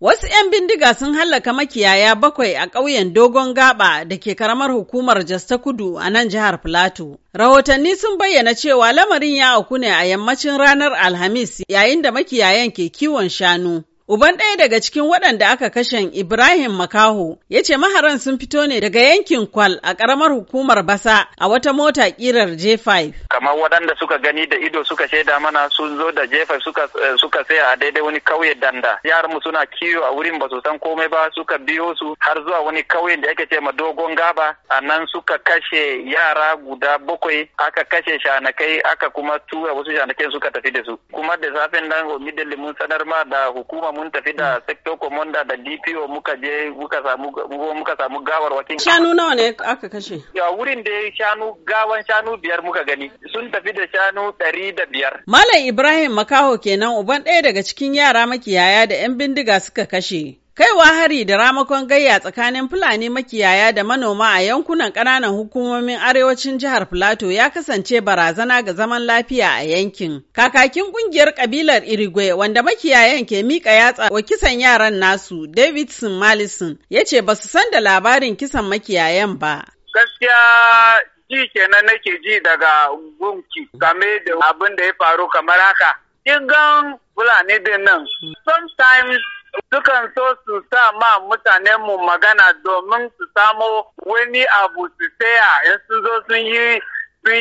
Wasu 'yan bindiga sun hallaka makiyaya bakwai a ƙauyen Dogon Gaba da ke karamar hukumar Jos ta Kudu a nan jihar Filato. Rahotanni sun bayyana cewa lamarin ya auku ne a yammacin ranar Alhamis yayin da makiyayan ke kiwon shanu. Uban ɗaya daga cikin waɗanda aka kashe Ibrahim Makaho ya ce maharan sun fito ne daga yankin Kwal a ƙaramar hukumar Basa a wata mota kirar J5. Kamar waɗanda suka gani da ido suka shaida mana sun zo da J5 suka, eh, suka saya a daidai wani kauye danda. Yaran mu suna kiwo a wurin ba su san komai ba suka biyo su har zuwa wani kauye da ake ce ma dogon gaba a nan suka kashe yara guda bakwai aka kashe shanakai aka kuma tura wasu shanakai suka tafi da su. Kuma da safen nan Omidele mun sanar ma da hukuma mun tafi da mm. sector commander da DPO muka je muka samu gawar wakin shanu nawa ne aka kashe ya wurin da shanu gawan shanu biyar muka gani sun tafi da shanu ɗari da biyar Malam Ibrahim Makaho kenan uban ɗaya daga cikin yara makiyaya da 'yan bindiga suka kashe Kaiwa hari da ramakon gayya tsakanin Fulani makiyaya da manoma a yankunan ƙananan hukumomin arewacin jihar Filato ya kasance barazana ga zaman lafiya a yankin. Kakakin ƙungiyar ƙabilar Irigwe wanda makiyayan ke miƙa yatsa wa kisan yaran nasu Davidson Malison ya ce ba su san da labarin kisan makiyayan ba. Gaskiya ji kenan nake ji daga gunki game da abin da ya faru kamar haka. Kin Fulani din nan. Sometimes sukan so su sa ma mutanenmu magana domin su samo wani abu su taya in sun zo sun yi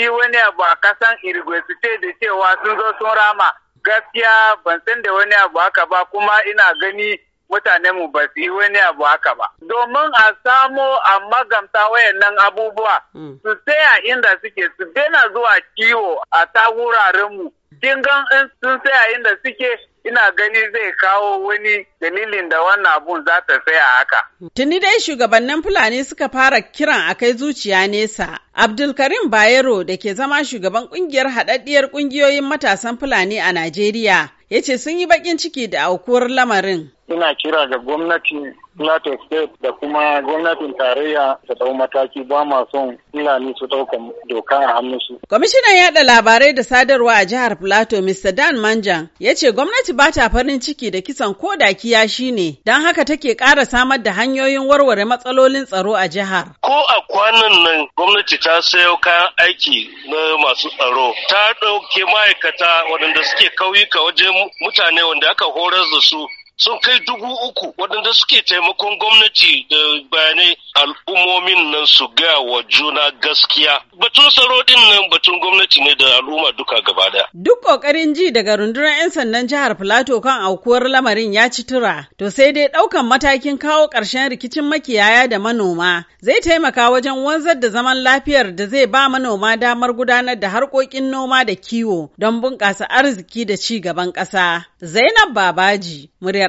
wani abu a kasan irigwe su ce da cewa sun zo sun rama gaskiya ban san da wani abu haka ba kuma ina gani mutanenmu ba su yi wani abu haka ba. Domin a samo a magamta wayannan abubuwa hmm. su tsaya inda suke su daina zuwa kiwo a ta wurarenmu. Kin ga in sun tsaya inda suke ina gani zai kawo wani dalilin da wannan abun za ta tsaya haka. Tuni dai shugabannin Fulani suka fara kiran a kai zuciya nesa. Abdulkarim Bayero da ke zama shugaban kungiyar haɗaɗɗiyar ƙungiyoyin matasan Fulani a Najeriya ya ce sun yi baƙin ciki da aukuwar lamarin. ina kira ga Gwamnati plateau state da kuma gwamnatin tarayya ta dau mataki ba ma son fulani su ɗauka doka a hannunsu. kwamishinan yaɗa labarai da sadarwa a jihar plateau mr dan manjan ya ce gwamnati ba ta farin ciki da kisan ko da kiyashi ne don haka take ƙara samar da hanyoyin warware matsalolin tsaro a jihar. ko a kwanan nan gwamnati ta sayo kayan aiki na masu tsaro ta ɗauke ma'aikata waɗanda suke kauyuka wajen mutane wanda aka horar da su sun kai dubu uku waɗanda suke taimakon gwamnati da bayanai al'ummomin nan su gaya wa juna gaskiya. Batun tsaro ɗin nan batun gwamnati ne da al'umma duka gaba daya. Duk ƙoƙarin ji daga rundunar 'yan sandan jihar Filato kan aukuwar lamarin ya ci tura, to sai dai ɗaukan matakin kawo ƙarshen rikicin makiyaya da manoma zai taimaka wajen wanzar da zaman lafiyar da zai ba manoma damar gudanar da harkokin noma da kiwo don bunƙasa arziki da ci gaban ƙasa. Zainab Babaji, muryar